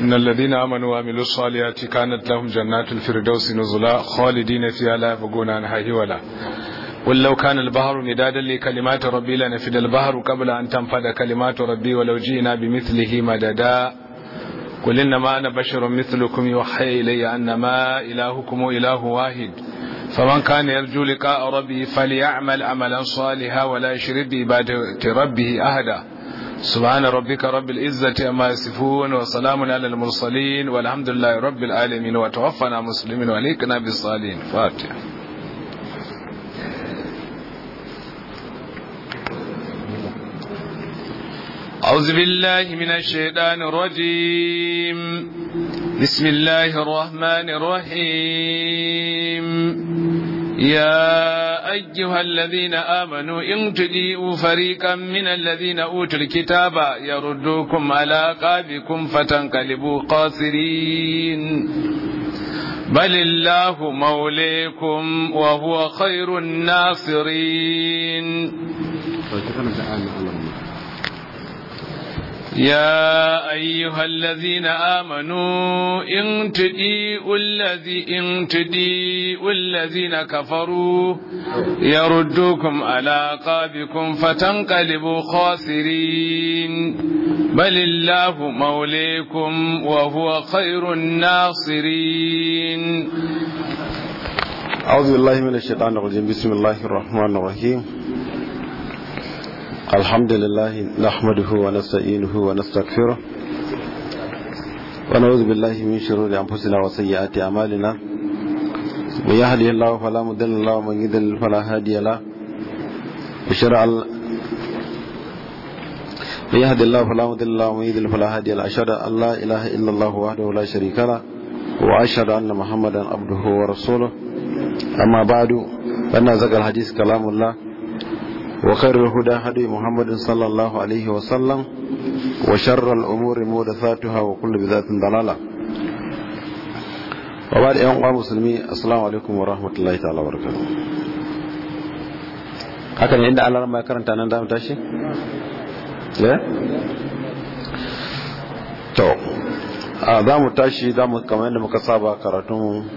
إن الذين آمنوا وعملوا الصالحات كانت لهم جنات الفردوس نزلا خالدين فيها لا يبغون عنها هولا قل لو كان البحر مدادا لكلمات ربي لنفد البحر قبل أن تنفد كلمات ربي ولو جئنا بمثله مددا قل إنما أنا بشر مثلكم يوحي إلي أنما إلهكم إله واحد فمن كان يرجو لقاء ربه فليعمل عملا صالحا ولا يشرك بعبادة ربه أهدا سبحان ربك رب العزة أما يصفون وسلام على المرسلين والحمد لله رب العالمين وتوفنا مسلمين وليكنا بالصالحين فاتح أعوذ بالله من الشيطان الرجيم بسم الله الرحمن الرحيم يا أيها الذين آمنوا إن تجيئوا فريقا من الذين أوتوا الكتاب يردوكم على قابكم فتنقلبوا قاصرين بل الله موليكم وهو خير الناصرين طيب، يا أيها الذين آمنوا إن تديئوا الذي إن تديئوا الذين كفروا يردوكم على قابكم فتنقلبوا خاسرين بل الله موليكم وهو خير الناصرين أعوذ بالله من الشيطان الرجيم بسم الله الرحمن الرحيم الحمد لله نحمده ونستعينه ونستغفره ونعوذ بالله من شرور أنفسنا وسيئات أعمالنا من يهده الله فلا مضل له ومن يضلل فلا هادي له وشرع من يهد الله فلا مضل له ومن يضلل فلا هادي له أشهد أن لا إله إلا الله وحده لا شريك له وأشهد أن محمدا عبده ورسوله أما بعد فإن ذكر الحديث كلام الله وخير الهدى هدي محمد صلى الله عليه وسلم وشر الأمور محدثاتها وكل بذات ضلالة وبعد قام مسلمي السلام عليكم ورحمة الله تعالى وبركاته hakan inda Allah ma karanta nan da mu tashi eh to za mu tashi za mu kamar yadda muka saba karatun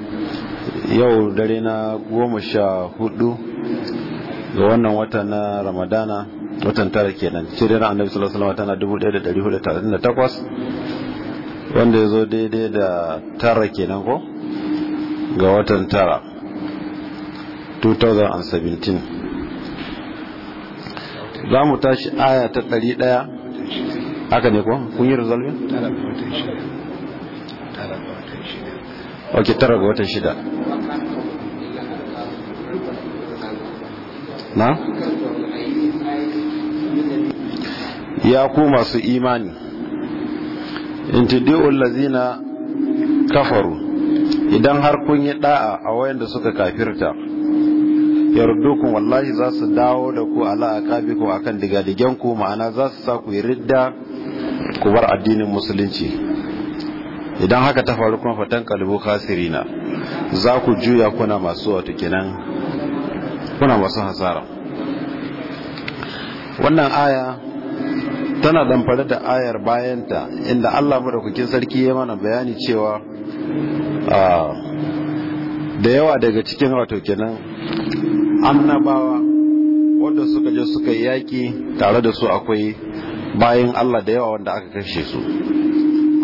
yau dare na goma sha hudu ga wannan wata na ramadana watan tara kenan na annabi sallallahu alaihi wasallam tana 1438 wanda ya zo daidai da tara kenan ko ga watan tara 2017 za mu tashi aya ta 100 haka ne ko kun yi resolving? ok tara ga watan shida na ya ku masu imani intidi'ul lazina kafaru idan har kun yi da'a a wayan da suka kafirta yardukun wallahi za su dawo da ku ala aqabikum akan digadigen ku ma'ana za su sa ku yi ridda ku bar addinin musulunci idan haka ta faru kuma fatan kalbu na, za ku juya kuna masu wata kenan kuna masu hasara wannan aya tana damfare da ayar bayanta inda allah madaukakin sarki ya mana bayani cewa da yawa daga cikin wato kenan annabawa wanda suka je suka yi yaki tare da su akwai bayan allah da yawa wanda aka kashe su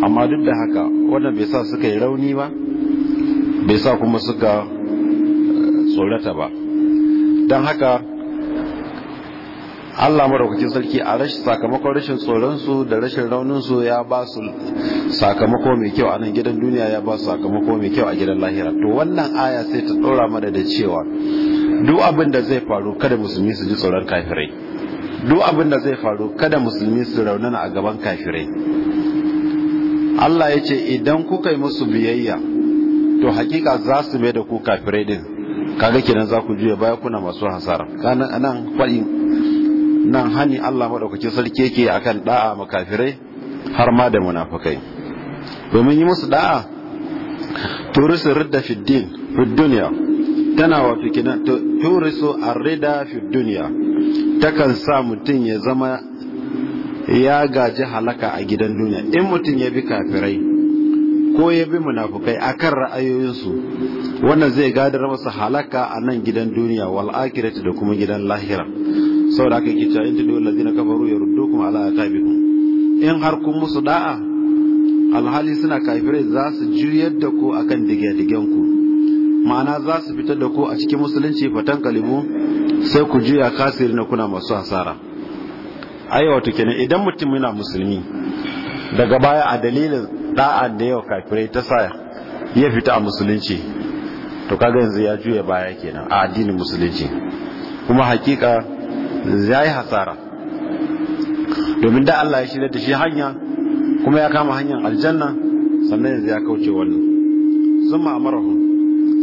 amma duk da haka wannan bai sa suka yi rauni ba bai sa kuma suka eh, tsorata ba don haka Allah maraukakin sarki a rashin sakamakon rashin tsoronsu da rashin rauninsu ya ba su sakamako mai kyau a nan gidan duniya ya ba su sakamako mai kyau a gidan lahira to wannan aya sai ta tsora mana da cewa duk abin da zai faru kada musulmi su ji tsoron kafirai duk abin da zai faru kada musulmi su raunana a gaban kafirai Allah ya ce idan kuka yi musu biyayya to hakika za su mai da ku kafirai din kaga kenan za ku juya baya kuna masu hasara kana anan faɗi nan hani Allah madaukake sarki yake akan da'a makafirai har ma da munafikai domin yi musu da'a turisu ridda fi din fi dunya tana fi kenan turisu arida fi dunya takan sa mutum ya zama ya gaji halaka a gidan duniya in mutum ya bi kafirai ko ya bi munafukai akan ra'ayoyinsu wannan zai gadar masa halaka a nan gidan duniya wal akhirati da kuma gidan lahira saboda haka yake cewa in tudu allazina kafaru yaruddukum ala aqabikum in har kun musu da'a alhali suna kafirai za su juyar da ku akan digadigen ku ma'ana za su fitar da ku a cikin musulunci fatan kalibu sai ku juya kasiri na kuna masu hasara ai kenan idan mutum yana musulmi daga baya a dalilin da'an da yawa kafirai ta sa ya fita a musulunci to kaga yanzu ya juya baya kenan a addinin musulunci kuma hakika ya yi hasara domin da Allah ya shirya da shi hanya kuma ya kama hanyar aljanna sannan yanzu ya kauce wannan sun ma'amarahu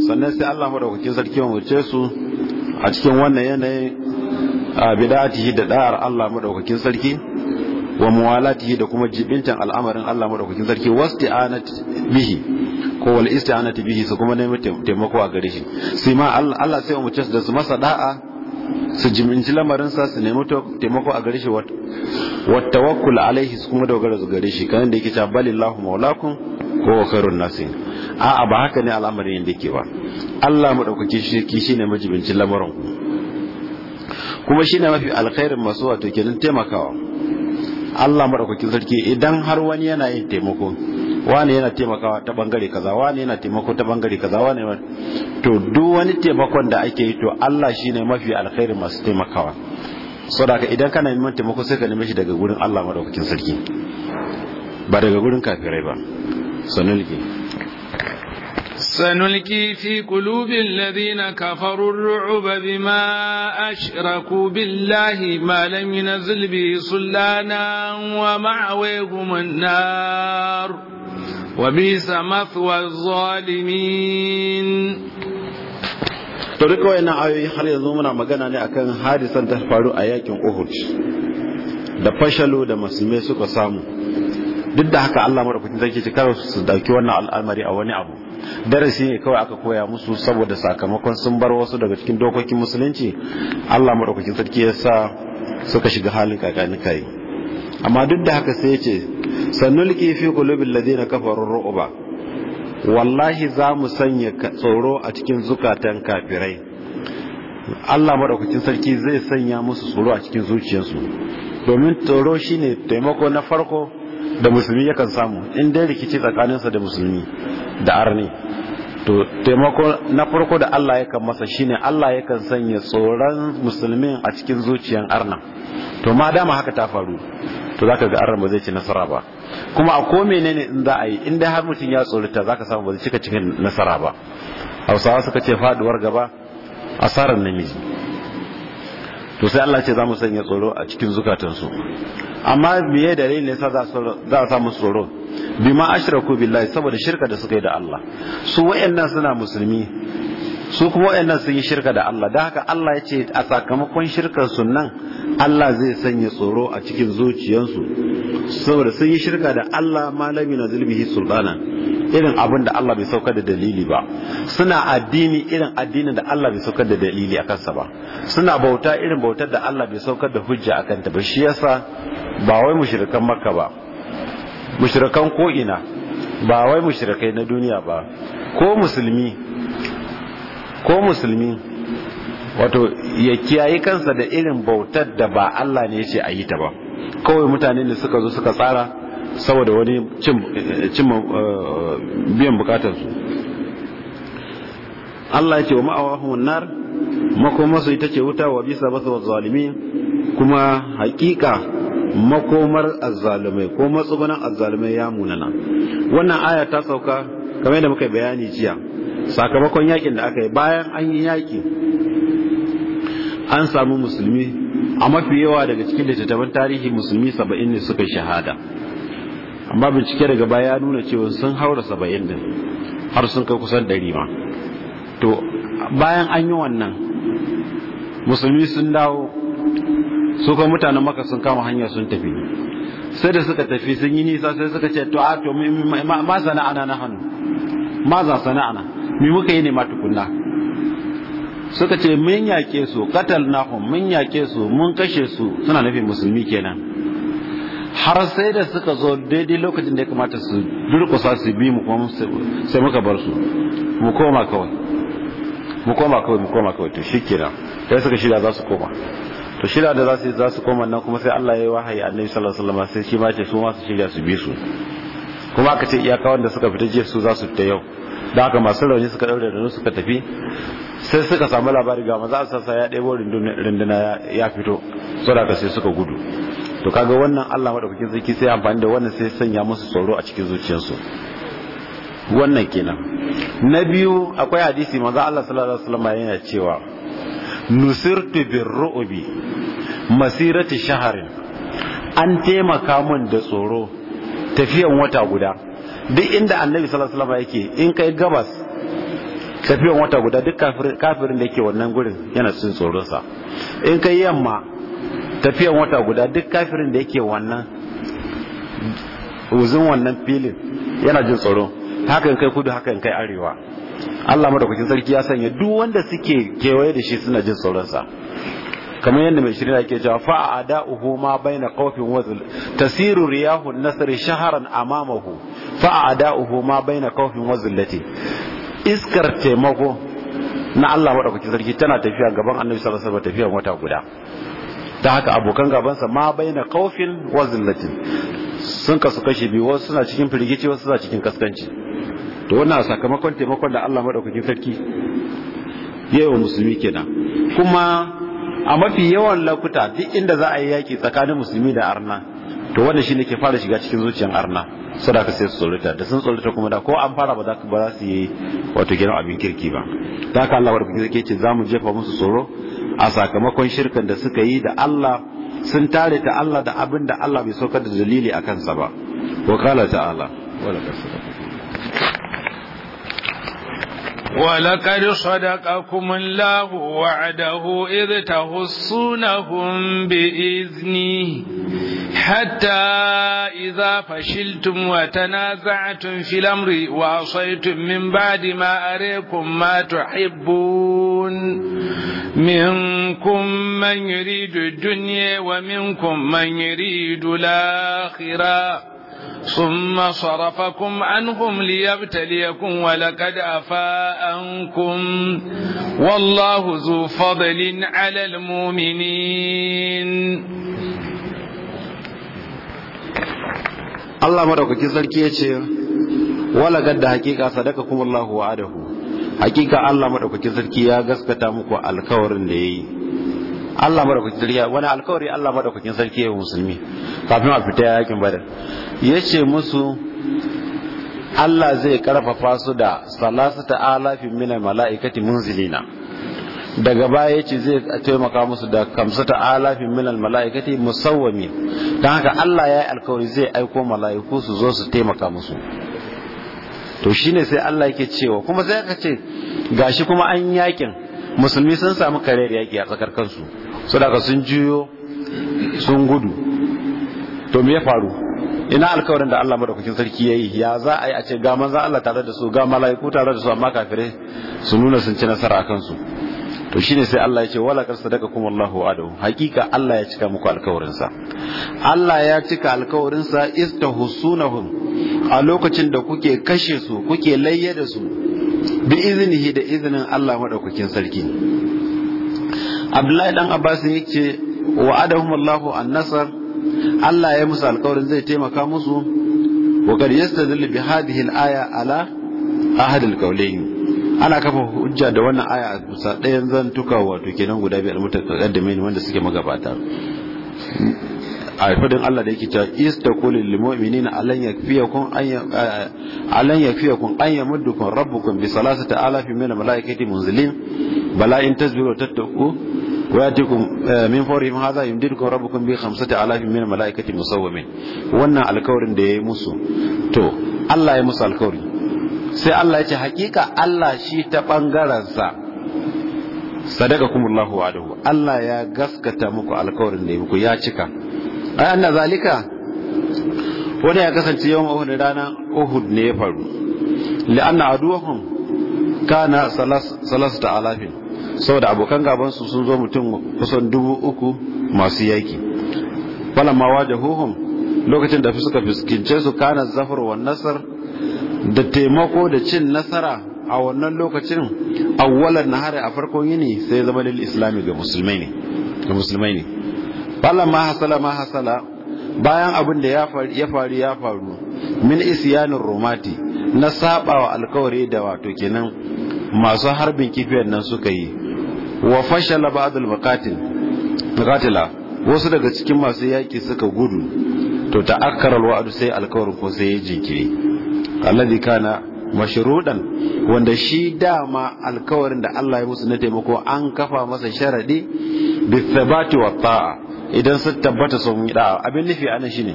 sannan sai Allah hukin sarki wuce su a cikin wannan yanayin a bidatihi da da'ar Allah madaukakin sarki wa muwalatihi da kuma jibintan al'amarin Allah madaukakin sarki wasti'anat bihi ko wal isti'anat bihi su kuma nemi taimako a gare shi sai ma Allah sai mu ce da su masa da'a su jiminci lamarin sa su nemi taimako a gare shi wa tawakkul alaihi su kuma dogara su gare shi kan da yake cewa balillahu maulakum ko khairun nasin a'a ba haka ne al'amarin yake ba Allah madaukakin sarki shine majibincin lamarin ku kuma shine mafi alkhairin masu wato kenan taimakawa Allah madaukakin sarki idan har wani yana yin taimako wani yana taimakawa ta bangare kaza wani yana taimako ta bangare kaza wani to duk wani taimakon da ake yi to Allah shine mafi alkhairi masu taimakawa saboda idan kana neman taimako sai ka neme shi daga gurin Allah madaukakin sarki ba daga gurin kafirai ba sanin سنلقي في قلوب الذين كفروا الرعب بما أشركوا بالله ما لم ينزل به سلانا ومعويهم النار وبئس مثوى الظالمين to duka wayannan ayoyi har yanzu muna magana ne akan hadisan ta faru a yakin Uhud da fashalo da musulmai suka samu duk da haka Allah madaukakin sarki ya karo su dauki wannan al'amari a wani abu darasi ne kawai aka koya musu saboda sakamakon sun bar wasu daga cikin dokokin musulunci Allah madaukakin sarki ya sa suka shiga halin kakanika kai. amma duk da haka sai ya ce sannulki fi qulubil ladina kafaru uba, wallahi za mu sanya tsoro a cikin zukatan kafirai Allah madaukakin sarki zai sanya musu tsoro a cikin zuciyarsu domin tsoro shine taimako na farko da musulmi yakan samu in dai rikici tsakaninsa da musulmi da arni to taimako na farko da Allah ya kan masa shine Allah ya kan sanya tsoron musulmin a cikin zuciyan arna to ma dama haka ta faru to zaka ga arna ba zai ci nasara ba kuma a ko menene in za a yi inda har mutum ya tsorita zaka samu ba zai cika cikin nasara ba Hausawa suka ce faduwar gaba asarar namiji to sai Allah ce za mu sanya tsoro a cikin zukatansu amma da dalilin ne za a samu tsoro bima ashraku billahi saboda shirka da suka yi da Allah su wayannan suna musulmi su kuma wayannan sun yi shirka da Allah don haka Allah ya ce a sakamakon shirkar su nan Allah zai sanya tsoro a cikin zuciyarsu saboda sun yi shirka da Allah malami na zulbihi sultana irin abin da Allah bai saukar da dalili ba suna addini irin addinin da Allah bai saukar da dalili a kansa ba suna bauta irin bautar da Allah bai saukar da hujja a kanta ba shi yasa ba wai mushrikan makka ba mushrikan ko ina ba wai mushrikai na duniya ba ko musulmi ko musulmi wato ya kiyaye kansa da irin bautar da ba Allah ne ya ce a yi ta ba kawai mutane da suka zo suka tsara saboda wani cimma eh, biyan bukatarsu Allah ya ce wa ma'awahumun nar makomarsu ita ce wuta wa bisa masu wa zalimi kuma hakika makomar azzalumai ko matsugunan azzalumai ya munana wannan aya ta sauka kamar yadda muka bayani jiya sakamakon yakin da aka yi bayan an yi yaki an samu musulmi a mafi yawa daga cikin littattafan tarihi musulmi saba'in ne suka shahada amma bincike daga baya ya nuna cewa sun haura saba'in din har sun kai kusan ɗari ma to bayan an yi wannan musulmi sun dawo su kuma mutanen maka sun kama hanya sun tafi sai da suka tafi sun yi nisa sai suka ce to a to ma sana'a na hannu ma za na mi muka yi ne ma tukunna suka ce mun yake su katal nahum mun yake su mun kashe su suna nufin musulmi kenan har sai da suka zo daidai lokacin da ya kamata su durkusa su bi mu kuma sai muka bar su mu koma kawai mu koma kawai mu koma kawai to shikira sai suka shida za su koma to shida da za su za su koma nan kuma sai Allah ya yi wahayi annabi sallallahu alaihi wasallam sai shi ma ce su ma su shirya su bi su kuma aka ce iyaka wanda suka fita jiya su za su fita yau da haka masu rauni suka daure da suka tafi sai suka samu labari ga maza sassa ya ɗebo runduna ya fito saboda sai suka gudu to kaga wannan Allah madaukakin sarki sai amfani da wannan sai sanya musu tsoro a cikin zuciyarsu wannan kenan na biyu akwai hadisi manzo Allah sallallahu alaihi wasallam yana cewa nusirtu birru'bi masirati shaharin an taimaka mun da tsoro tafiyan wata guda duk inda annabi sallallahu alaihi yake in kai gabas tafiyan wata guda duk kafirin da yake wannan gurin yana cikin tsoronsa in kai yamma tafiyan wata guda duk kafirin da yake wannan uzun wannan filin yana jin tsoro hakan kai kudu hakan kai arewa Allah madaukakin sarki ya sanya duk wanda suke kewaye da shi suna jin tsoronsa kamar yadda mai shirin ake cewa fa ada'uhu ma baina khawfin wa zul tasiru riyahu an-nasr shahran amamahu fa ada'uhu ma baina khawfin wa zullati iskar taimako na Allah madaukakin sarki tana tafiya gaban Annabi sallallahu alaihi wasallam tafiya wata guda ta haka abokan gabansa ma baina kaufin wa zillatin sun kasu kashi biyu wasu suna cikin firgici wasu suna cikin kaskanci to wannan sakamakon taimakon da Allah madaukakin sarki yi wa musulmi kenan kuma a mafi yawan lokuta duk inda za a yi yaki tsakanin musulmi da arna to wannan shine ke fara shiga cikin zuciyar arna sadaka sai su tsorita da sun tsorita kuma da ko an fara ba za su yi wato gina abin kirki ba da haka Allah barkin zai ce za mu jefa musu tsoro a sakamakon shirkan da suka yi da Allah sun tare ta Allah da abin da Allah bai saukar da dalili a kansa ba wa kala Allah. ولقد صدقكم الله وعده إذ تحصونهم بإذنه حتى إذا فشلتم وتنازعتم في الأمر وعصيتم من بعد ما أريكم ما تحبون منكم من يريد الدنيا ومنكم من يريد الآخرة ثم صرفكم عنهم ليبتليكم ولقد أفاء عنكم والله ذو فضل على المؤمنين Allah madaukakin sarki ya ce wala gadda hakika sadaka kuma Allahu wa'adahu hakika Allah madaukakin sarki ya gaskata muku alkawarin da yayi Allah madaukakin sarki wani alkawari Allah madaukakin sarki ya musulmi kafin a fita yakin badar yace musu Allah zai karfafa su da salasata alafin minal mala'ikati munzilina daga baya yace zai taimaka musu da kamsa ta alafin minal mala'ikati musawwami don haka Allah ya yi alkawari zai aiko mala'iku su zo su taimaka musu to shine sai Allah yake cewa kuma sai aka ce gashi kuma an yakin musulmi sun samu karyar yaki a tsakar kansu su daga sun juyo sun gudu to me ya faru ina alkawarin da Allah madaukakin sarki yayi ya za a yi a ce ga manzo Allah tare da su ga mala'iku tare da su amma kafirai su nuna sun ci nasara a su to shine sai Allah ya ce wala kar kuma Allahu adu hakika Allah ya cika muku alkawarin Allah ya cika alkawarin sa istahussunahum a lokacin da kuke kashe su kuke layye da su bi iznihi da iznin Allah madaukakin sarki Abdullahi dan Abbas yake adahum Allahu an-nasr Allah ya musu alkawarin zai taimaka musu wa qad yastadillu bi hadhihi al-aya ala ahad al-qawlayn ana kafa hujja da wannan aya a kusa ɗayan zan tuka wato kenan guda biyar da mutaqaddimin wanda suke magabata a fadin Allah da yake is cewa kulin limomini na alan ya fiye kun an ya muddu kun rabu kun bi salasa ta alafi mai na malaikati munzilin bala in tasbiru waya wa yatikum eh, min fori fawrihim hadha rabu kun bi hamsa ta alafi mai na malaikati musawwamin wannan alkawarin da ya yi musu to Allah ya musu alkawarin sai Allah ya ce hakika Allah shi ta ɓangarensa sadaka kumullahu wa adahu Allah ya gaskata muku alƙawarin da ya muku ya cika ai anna zalika wanda ya kasance yawan Uhud rana Uhud ne ya faru li'anna aduhum kana salas alafin saboda abokan gaban su sun zo mutum kusan dubu uku masu yaki falamma huhun lokacin da suka fuskince su kana zafar wa nasar da taimako da cin nasara a wannan lokacin na nahari a farkon yini sai zama lil islami ga musulmai ne ga musulmai ne bala ma hasala ma hasala bayan abin da ya faru ya faru min isyanin romati na sabawa alkawari da wato kenan masu harbin kifiyar nan suka yi wa fashala ba'dul muqatil muqatila wasu daga cikin masu yaki suka gudu to ta'akkara alwa'du sai alkawarin ko sai ya jinkiri alladhi kana mashrudan wanda shi dama alkawarin da Allah ya musu na taimako an kafa masa sharadi bi thabati wa ta'a idan sun tabbata sun yi da'a abin nufi anan shine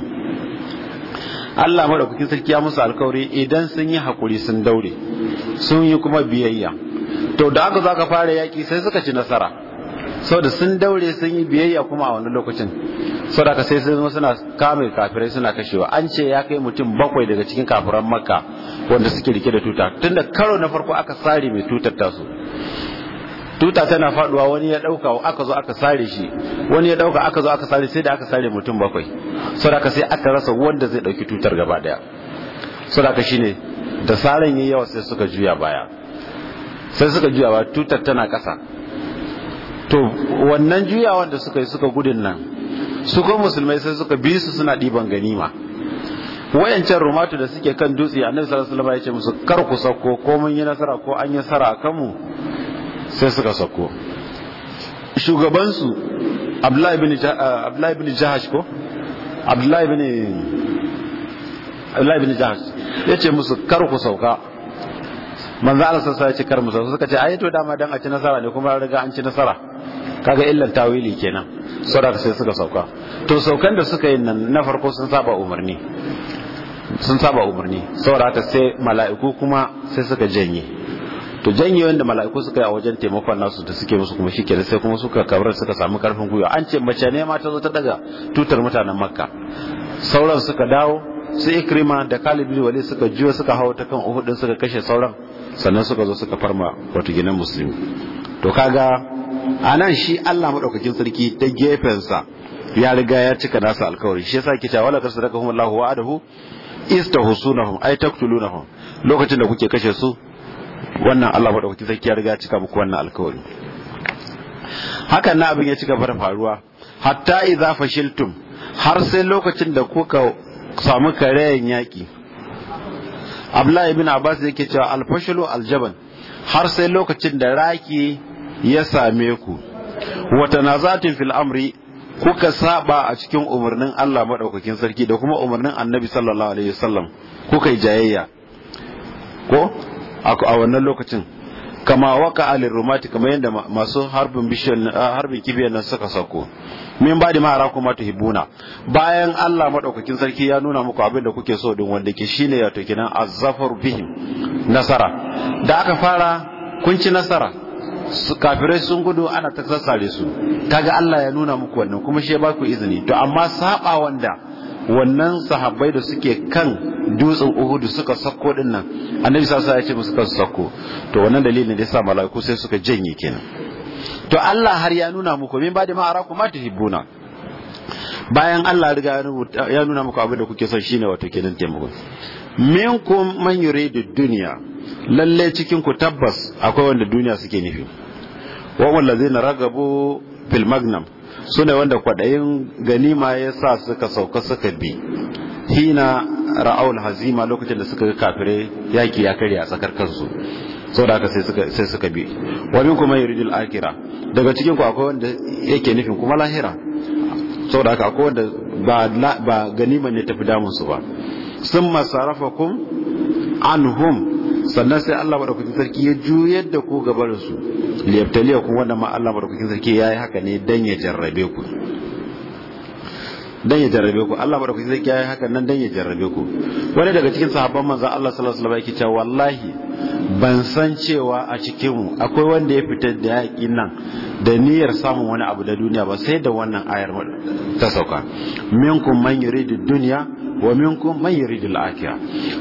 Allah madaukakin sarki ya musu alkawari idan sun yi hakuri sun daure sun yi kuma biyayya to da aka zaka fara yaki sai suka ci nasara saboda sun daure sun yi biyayya kuma a wani lokacin saboda ka sai sun suna kame kafirai suna kashewa an ce ya kai mutum bakwai daga cikin kafiran makka wanda suke rike da tuta tunda karo na farko aka sare mai tutar tasu tuta tana faduwa wani ya dauka aka zo aka sare shi wani ya dauka aka zo aka sare sai da aka sare mutum bakwai saboda ka sai aka rasa wanda zai dauki tutar gaba daya saboda ka shine da saran yayi yawa sai suka juya baya sai suka juya ba tutar tana kasa to wannan juyawan da suka yi suka gudun nan su musulmai sai suka bi su suna ɗiban ganima wayancan rumatu da suke kan dutse annabi sallallahu alaihi wasallam ya ce musu kar ku sako ko mun yi nasara ko an yi sara akan mu sai suka sako shugaban su abdullahi ibn abdullahi ibn jahash ko abdullahi ibn abdullahi ibn jahash yace musu kar ku sauka manzo Allah sassa ya ce kar musa suka ce ai to dama dan a ci nasara ne kuma riga an ci nasara kaga illan tawili kenan sura sai suka sauka to saukan da suka yi nan na farko sun saba umarni sun saba umarni saboda sai mala'iku kuma sai suka janye to janye wanda mala'iku suka yi a wajen taimakon nasu da suke musu kuma shike sai kuma suka kabar suka samu karfin gwiwa an ce mace ne ma ta zo ta daga tutar mutanen makka sauran suka dawo sai ikrima da khalid wali suka jiyo suka hawo ta kan uhudin suka kashe sauran sannan suka zo suka farma wata ginin musulmi to kaga a nan shi Allah maɗaukakin sarki ta gefensa ya riga ya cika nasa alkawari shi yasa ke cewa laqad sadaqahum Allahu wa'adahu istahsunahum ay taqtulunahum lokacin da kuke kashe su wannan Allah maɗaukakin sarki ya riga ya cika muku wannan alkawari hakan na abin ya cika fara faruwa hatta idza fashiltum har sai lokacin da kuka samu karayen yaki abdullahi ibn abbas yake cewa alfashalu aljaban har sai lokacin da raki ya same ku wa tanazatin fil amri kuka saba a cikin umarnin Allah madaukakin sarki da kuma umarnin annabi sallallahu alaihi wasallam kuka yi jayayya ko a wannan lokacin kama waka alirumati kamar yadda masu harbin bishiyar harbin kibiyar nan suka sako min ba da ma'ara ma tuhibuna bayan Allah madaukakin sarki ya nuna muku abin da kuke so din wanda ke shine ya kenan azzafar bihim nasara da aka fara kun ci nasara kafirai sun gudu ana ta sassare su kaga Allah ya nuna muku wannan kuma shi ya baku izini to amma saba wanda wannan sahabbai da suke kan dutsen Uhudu suka sako din nan annabi sallallahu alaihi wasallam ya ce musu kan sako to wannan dalilin da yasa mala'iku sai suka janye kenan to Allah har ya nuna muku min bada ma araku ma tuhibbuna bayan Allah riga ya nuna muku abin da kuke son shine wato kenan taimako minkum man yuridu dunya lalle cikin ku tabbas akwai wanda duniya suke nufi wa wallazina ragabu fil magnam sune wanda kwadayin ganima ya sa suka sauka suka bi hina ra'aul hazima lokacin da suka ga kafire yaki ya karya a tsakar kansu saboda haka sai suka sai suka bi wa kuma yuridul akhirah daga cikin ku akwai wanda yake nufin kuma lahira saboda haka akwai wanda ba ba ganima ne tafi damun su ba summa sarafakum anhum sannan sai Allah madaukakin sarki ya juye da ku gabar su liyabtaliya ku wanda ma Allah madaukakin sarki yayi haka ne dan ya jarrabe ku dan ya jarrabe ku Allah madaukaki zai kiyaye hakan nan dan ya jarrabe ku wani daga cikin sahabban manzo Allah sallallahu alaihi wasallam yake cewa wallahi ban san cewa a cikin mu akwai wanda ya fitar da yaki nan da niyyar samun wani abu da duniya ba sai da wannan ayar ta sauka minkum man yuridu dunya wa minkum man yuridu al-akhirah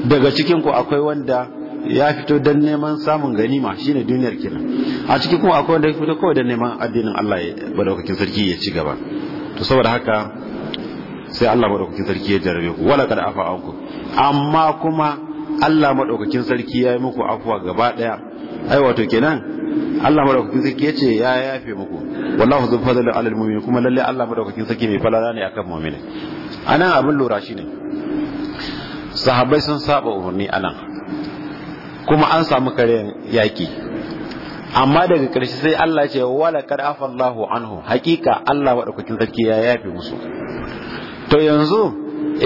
daga cikin ku akwai wanda ya fito dan neman samun ganima shine duniyar kenan a cikin ku akwai wanda ya fito kawai dan neman addinin Allah ya madaukakin sarki ya ci gaba to saboda haka sai Allah madaukakin sarki ya jarabe ku wala kada afa anku amma kuma Allah madaukakin sarki ya yi muku afuwa gaba daya ai wato kenan Allah madaukakin sarki ya ce ya yafe muku wallahu zu fadlu alal mu'minin kuma lalle Allah madaukakin sarki mai falala ne akan mu'mini anan abin lura shine sahabbai sun saba umarni anan kuma an samu karen yaki amma daga ƙarshe sai Allah ce wala kad afallahu anhu hakika Allah madaukakin sarki ya yafe musu to yanzu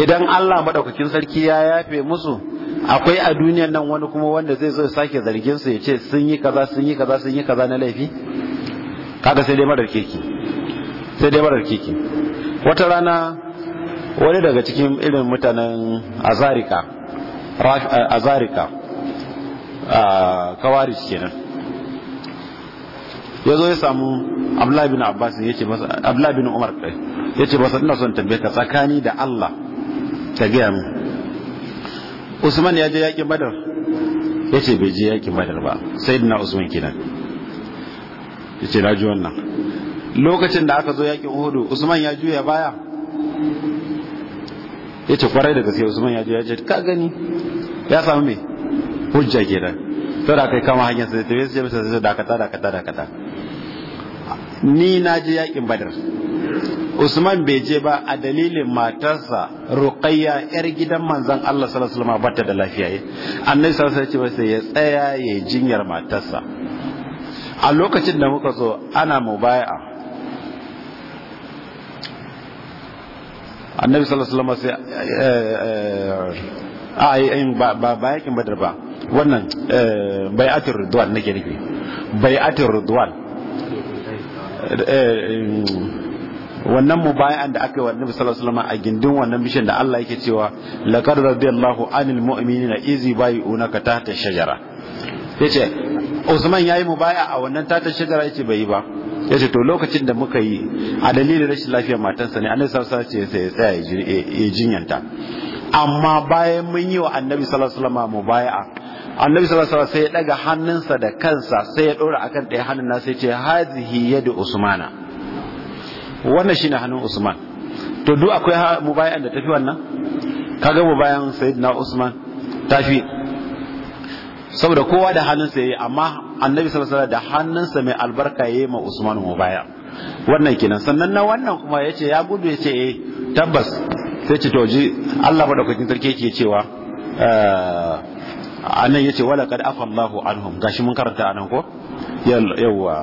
idan Allah maɗaukakin sarki ya yafe musu akwai a duniyar nan wani kuma wanda zai zo sake zargin su ya ce sun yi kaza sun yi kaza sun yi kaza na laifi kaga sai dai marar keke sai dai marar keke wata rana wani daga cikin irin mutanen azarika azarika ah, kawaris kenan ya zo ya samu abdullahi bin abbas ya ce masa abdullahi bin umar kai ya ce masa ina son tambaye ka tsakani da allah ta gaya mu usman ya je yakin badar ya ce bai je yakin badar ba sai dina usman kenan ya ce na ji wannan lokacin da aka zo yakin uhudu usman ya juya baya ya ce kwarai da gaske usman ya juya ya ce ka gani ya samu me hujja kenan saboda kai kama hanyar sai tafi sai masa sai dakata dakata dakata ni na je yakin badar usman bai je ba a dalilin matarsa ruqayya yar gidan manzon Allah sallallahu alaihi wasallam batta da lafiya annabi sallallahu alaihi wasallam ya tsaya ya jinyar matarsa a lokacin da muka zo ana mubaya'a annabi sallallahu alaihi wasallam sai eh, eh, eh, a ba ba yakin badar ba wannan eh, bai'atul ridwan ke. nufi bai'atul ridwan eh, wannan an da aka yi wa nufi salasu lama a gindin wannan bishin da Allah yake cewa laqad radiyallahu anil mu'minina iz ta tahta shajara ce Usman mu bayan a wannan tahta shajara ce bai yi ba Ya ce to lokacin da muka yi a dalilin rashin lafiya matansa ne Annabi sallallahu alaihi wasallam ya tsaya ya jinyanta amma bayan mun yi wa Annabi sallallahu alaihi wasallam mubaya'a annabi sallallahu alaihi sai ya daga hannunsa da kansa sai ya dora akan ɗaya hannun na sai ce hazihi yadu usmana wannan shine hannun usman to duk akwai mubayan da tafi wannan kaga mubayan sayyidina usman tafi saboda kowa da hannunsa yayi amma annabi sallallahu alaihi da hannunsa mai albarka yayi ma usman mubaya wannan kenan sannan na wannan kuma yace ya gudu yace eh tabbas sai ce to ji Allah madaukakin sarki yake cewa eh, anan yace wala kad afa Allahu anhum gashi mun karanta anan ko yawa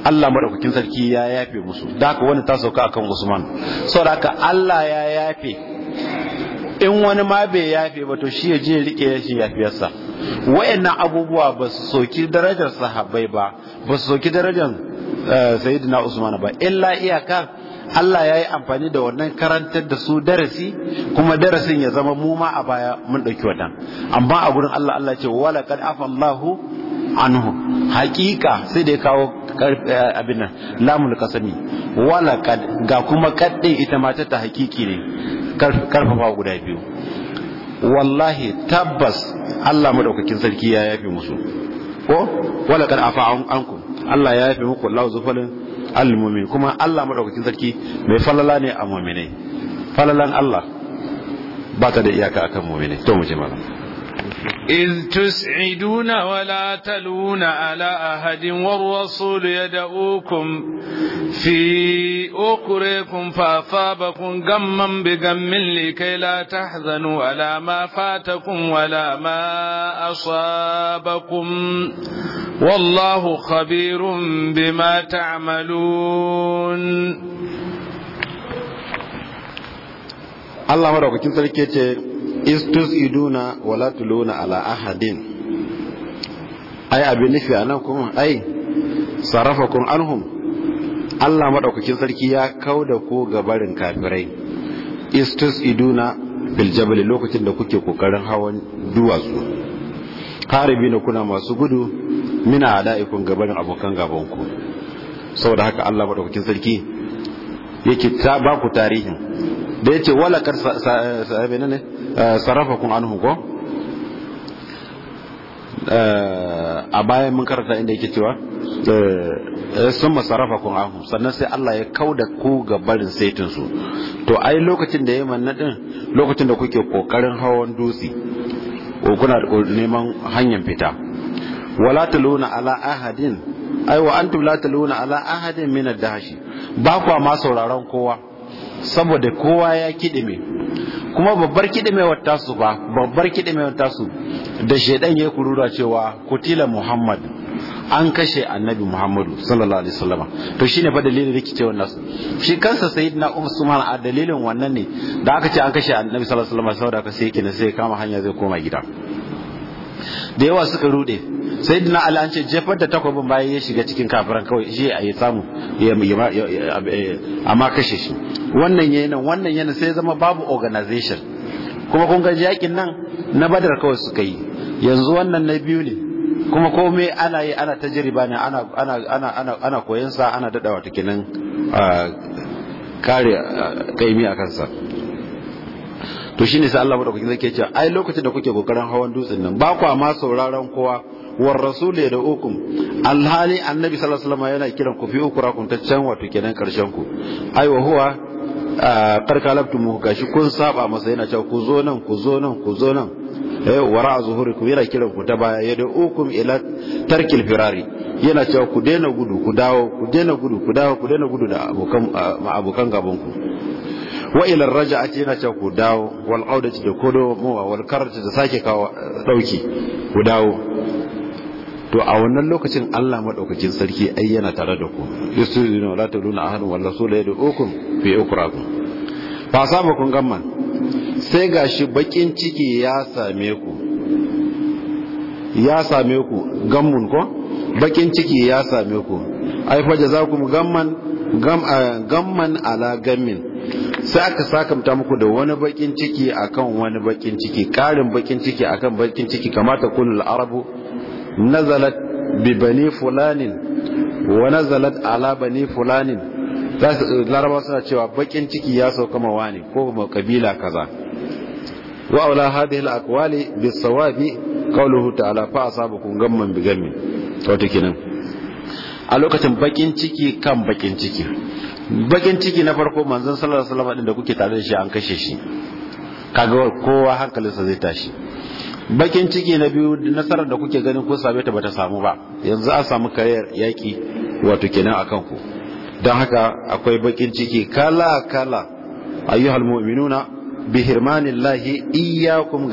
Allah madaukakin sarki ya yafe musu da haka wani ta sauka akan Usman saboda haka Allah ya yafe in wani ma bai yafe ba to shi ya je rike shi yafiyarsa wayannan abubuwa ba su soki darajar sahabbai ba ba su soki darajar eh, sayyidina Usman ba illa iyaka Allah ya yi amfani da wannan karantar da su darasi kuma darasin ya zama mu ma a baya mun ɗauki wannan amma a gurin Allah Allah ce wala kad Allahu anhu haƙiƙa sai da ya kawo eh, abin nan lamul kasami wala kad ga kuma kad ita ma ta hakiki ne karfafa guda biyu wallahi tabbas Allah madaukakin sarki ya yafe musu ko wala kad afa ankum Allah ya yafe muku Allah zufalin al-mumin kuma Allah madaukakin sarki mai falala ne a mu'minai falalan Allah ba ta da iyaka akan mu'minai to mu ji malam إذ تسعدون ولا تلون على أحد والرسول يدعوكم في أقريكم فأصابكم قما بقم لكي لا تحزنوا على ما فاتكم ولا ما أصابكم والله خبير بما تعملون Allah madaukakin sarki ce istus iduna wala tuluna ala ahadin ai abin nufi a nan kuma ai sarrafa kun anhum Allah madaukakin sarki ya kau da ku gabarin kafirai istus iduna bil jabal lokacin da kuke kokarin hawan duwatsu haribi na kuna masu gudu mina ada'ikun gabarin abokan gabanku saboda haka Allah madaukakin sarki yake ta ba ku tarihin da yace wala kar sahabe ne kun anhu ko eh, a bayan mun karanta inda yake cewa eh, eh, sun masarrafa kun ahu sannan sai Allah ya kau da ku ga barin saitinsu to ai lokacin da ya manna din lokacin da kuke kokarin hawan dutse ko kuna neman hanyar fita wala taluna ala ahadin ai wa antum la taluna ala ahadin min ad-dahshi ba kwa ma sauraron kowa saboda kowa ya kidime kuma babbar kidimewar tasu ba babbar kidimewar tasu da shaidan ya kurura cewa kutila muhammad an kashe annabi muhammadu sallallahu alaihi wasallam to shine fa dalilin wannan su shi kansa sayyidina umar subhanahu a dalilin wannan ne da aka ce an kashe annabi sallallahu alaihi wasallam saboda haka sai yake sai kama hanya zai koma gida da yawa suka rude sai dina na jefar da takwabin bayan ya shiga cikin kafiran kawai shi a yi samu amma kashe shi wannan yayi nan wannan yana sai zama babu organization kuma kun ga yakin nan na badar kawai suka yi yanzu wannan na biyu ne kuma komai ana yi ana jiriba ne ana koyansa ana wata koyon sa ana ta kenan kare kaimi a kansa to shine sai Allah madaukakin zai ke cewa ai lokacin da kuke kokarin hawan dutsen nan ba ku ma sauraron kowa war rasul da ukum alhali annabi sallallahu alaihi wasallam yana kiran ku fi ukura kun can wato kenan karshen ku ai wa huwa karkalabtu mu gashi kun saba masa yana cewa ku zo nan ku zo nan ku zo nan eh wara zuhurikum yana kiran ku ta baya ya da ukum ila tarkil firari yana cewa ku daina gudu ku dawo ku daina gudu ku dawo ku daina gudu da abokan abokan gaban ku wa ila raja'ati yana cewa ku dawo wal audati da kodo mawa wal karati da sake kawo dauki ku dawo to a wannan lokacin Allah madaukakin sarki ai yana tare da ku yusirina la tuluna ahadun wal rasul yad'ukum fi ukrakum fa saba kun gamma sai gashi bakin ciki ya same ku ya same ku gammun ko bakin ciki ya same ku ai fa jazakum gamman eh, gamman ala gammin sai aka sakamta muku da wani bakin ciki akan wani bakin ciki karin bakin ciki akan bakin ciki kamata kullu arabu nazalat bi bani fulanin wa nazalat ala bani fulanin laraba suna cewa bakin ciki ya sauka ma wani ko ma kabila kaza wa aula hadhihi al-aqwali bis-sawabi qawluhu ta'ala fa asabakum gamman bi gammin to nan a lokacin bakin ciki kan bakin ciki bakin ciki na farko manzon sallallahu alaihi wasallam da kuke tare da shi an kashe shi kaga kowa hankalinsa zai tashi bakin ciki na biyu nasarar da kuke ganin ko same ta bata samu ba yanzu an samu kariyar yaki wato kenan akan ku don haka akwai bakin ciki kala kala ayyuhal mu'minuna bi hirmanillahi iyyakum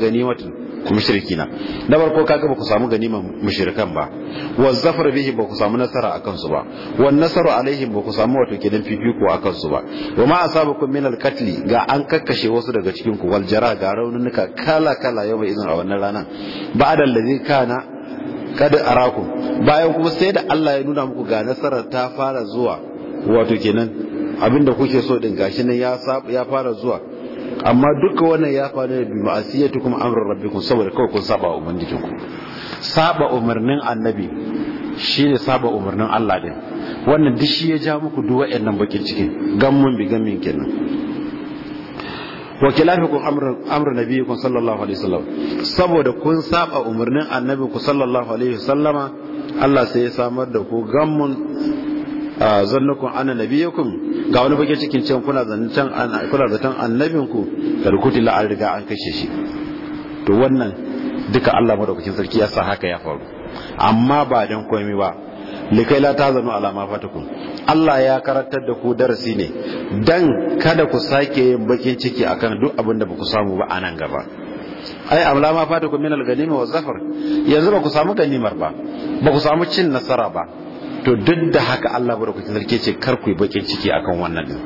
mushriki na farko kaga baku ku samu ganimar mushrikan ba wa zafar bihi ba ku samu nasara akan su ba wa nasaru alaihim ba ku samu wato kidan fifiko akan su ba wa ma asabakum min alqatli ga an kakkashe wasu daga cikin ku wal jara ga raununuka kala kala yau bai izin a wannan ranan ba'da allazi kana kad arakum bayan kuma sai da Allah ya nuna muku ga nasarar ta fara zuwa wato kenan abinda kuke so din gashi nan ya fara zuwa amma duka wannan ya faru ne bi ma'asiyatu kuma amrun rabbikum saboda kawai kun saba umarnin ku saba umarnin annabi shine saba umarnin Allah din wannan duk shi ya ja muku duk wayannan bakin cikin gammun bi gammin kenan wa khilafikum amrun amrun nabiyikum sallallahu alaihi wasallam saboda kun saba umarnin annabi ku sallallahu alaihi wasallama Allah sai ya samar da ku gammun zannukun ana nabiyakum ga wani bakin cikin can kuna zancen kuna zaton annabin da rukuti la an riga an kashe shi to wannan duka Allah madaukakin sarki ya sa haka ya faru amma ba dan komai ba likai la ta zanu alama fatakun Allah ya karantar da ku darasi ne dan kada ku sake yin bakin ciki akan duk abin da ba ku samu ba a nan gaba ai amla ma fatakum min al wa zafar yanzu ba ku samu ganimar ba ba ku samu cin nasara ba to duk da haka Allah barakatun sarki ce kar ku yi bakin ciki akan wannan din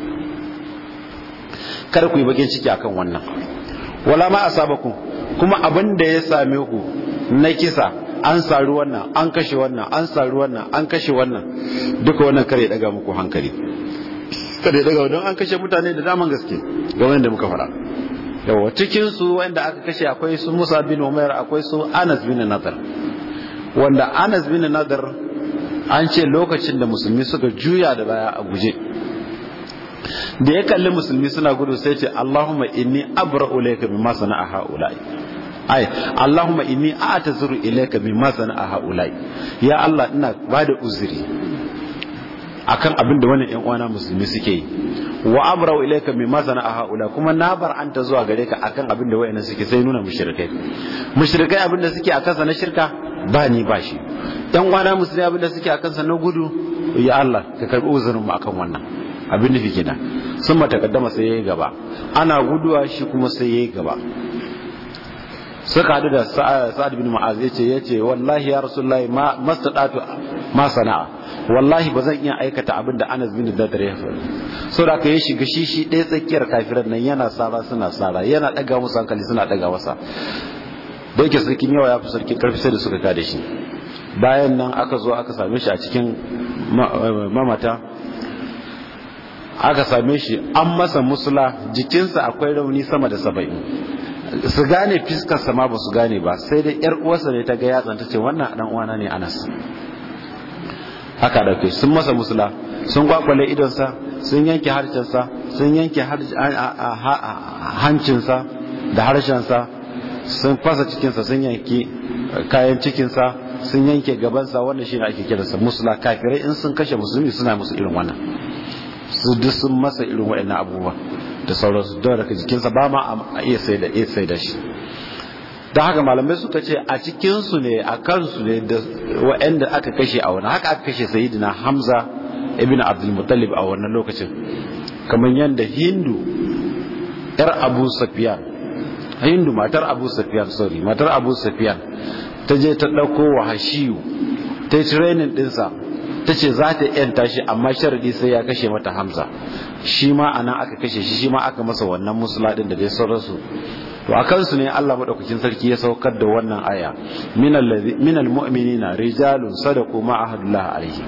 kar ku yi bakin ciki akan wannan wala ma asabaku kuma abin da ya same ku na kisa an saru wannan an kashe wannan an saru wannan an kashe wannan duka wannan kare daga muku hankali kare daga don an kashe mutane da daman gaske ga wanda muka fara yawa cikin su wanda aka kashe akwai su Musa bin Umar akwai su Anas bin Nadar wanda Anas bin Nadar an ce lokacin da musulmi suka juya da baya a guje da ya kalli musulmi suna gudu sai ce Allahumma inni abra'u ilayka bima sana'a haula'i ai Allahumma inni a'tazuru ilayka bima sana'a haula'i ya Allah ina bada uzuri akan abin da wannan ƴan uwana musulmi suke yi wa amrau ilayka mimma sana'a haula kuma na bar an ta zuwa gare ka akan abin da wayannan suke sai nuna mushrikai mushrikai abin da suke akan sa na shirka ba ni ba shi ƴan uwana musulmi abin da suke akan sa na gudu ya Allah ka karbi uzurin mu akan wannan abin nufi kenan sun mata kaddama sai yayi gaba ana guduwa shi kuma sai yayi gaba suka hadu da sa'ad bin mu'az yace yace wallahi ya rasulullahi ma mastadatu ma sana'a wallahi ba zan iya aikata abin da Anas bin Dadar ya faɗa so da kai shiga shi shi ɗaya tsakiyar kafirar nan yana sara suna sara yana ɗaga musu hankali suna ɗaga masa da yake sarkin yawa ya fi sarkin karfi sai da suka ga da shi bayan nan aka zo aka same shi a cikin eh, mamata aka same shi an masa musula jikinsa akwai rauni sama da saba'in su gane fiskarsa ma ba su gane ba sai dai yar uwarsa ne ta ga yatsan ce wannan dan uwana ne Anas haka da sun masa musula sun kwakwale idonsa sun yanke harshensa sun yanke hancinsa da harshensa sun fasa cikinsa sun yanke kayan cikinsa sun yanke gabansa wanda shi ne ake kiransa musula kafirai in sun kashe musulmi suna musu irin wannan su duk sun masa irin waɗannan abubuwa da sauransu don daga jikinsa ba ma a iya sai da shi don haka malamai suka ce a cikinsu ne a kansu ne da waɗanda aka kashe a wani haka aka kashe sayidina hamza ibn abdulmutallib a wannan lokacin kamar yadda hindu yar abu safiyan hindu matar abu safiyan sorry matar abu safiyan ta je ta ɗauko wa hashiyu ta yi training ɗinsa ta ce za ta yanta shi amma sharadi sai ya kashe mata hamza shi ma a nan aka kashe shi shi ma aka masa wannan musula ɗin da dai sauransu to a kansu ne Allah madaukakin sarki ya saukar da wannan aya minal mu'minina rijalun sadaqu ma ahadullah alayhi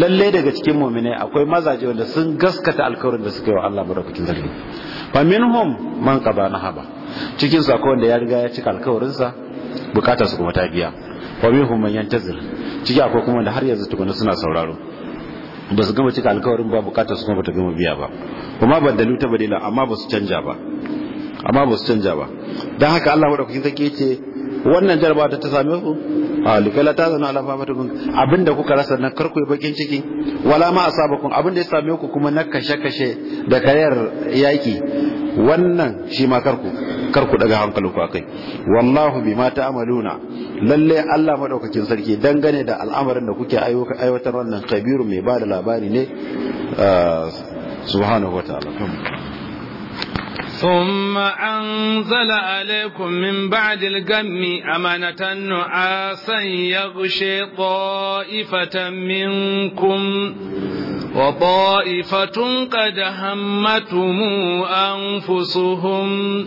lalle daga cikin mu'minai akwai mazaje wanda sun gaskata alkawarin da suka yi wa Allah madaukakin sarki fa minhum man qabana haba cikin su akwai wanda ya riga ya cika alkawarin sa bukatar su kuma ta biya fa minhum man yantazir ciki akwai kuma wanda har yanzu tukuna suna sauraro ba su gama cika alkawarin ba bukatar su kuma bata gama biya ba kuma ba dalu ta badila amma ba su canja ba amma ba su canja ba don haka Allah madaukakin ke ce wannan jarba ta same ku a likala ta zana ala kun abinda kuka rasa na karku ya bakin ciki wala ma asabakum abinda ya same ku kuma na kashe kashe da kayar yaki wannan shi ma karku karku daga ku akai wallahu bima ta'maluna lalle Allah madaukakin sarki dangane da al'amarin da kuke aiwatar wannan kabiru mai ba da labari ne ah, subhanahu wataala ثم أنزل عليكم من بعد الغم أمانة نعاسا يغشي طائفة منكم وطائفة قد همتم أنفسهم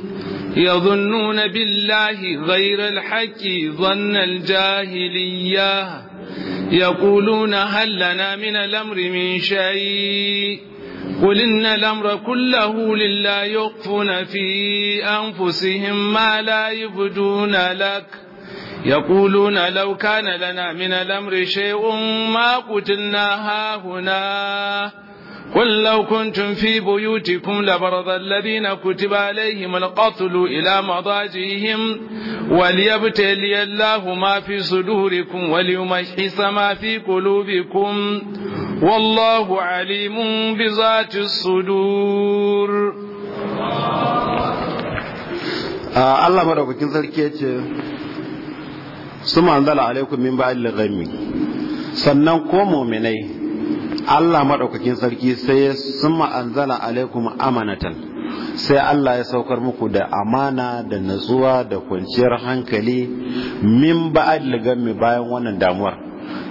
يظنون بالله غير الحق ظن الجاهلية يقولون هل لنا من الأمر من شيء قل إن الأمر كله لله يخفون في أنفسهم ما لا يبدون لك يقولون لو كان لنا من الأمر شيء ما قتلنا هاهنا قل لو كنتم في بيوتكم لبرز الذين كتب عليهم القتل إلى مضاجعهم وليبتلي الله ما في صدوركم وليمحص ما في قلوبكم والله عليم بذات الصدور Allah madaukakin sarki ya ce su manzala alaikum min ba'il ghammi sannan ko mu'minai Allah madaukakin sarki sai sun anzala alaikum amanatan sai Allah ya saukar muku da amana da natsuwa da kwanciyar hankali min ba'ad ligami bayan wannan damuwar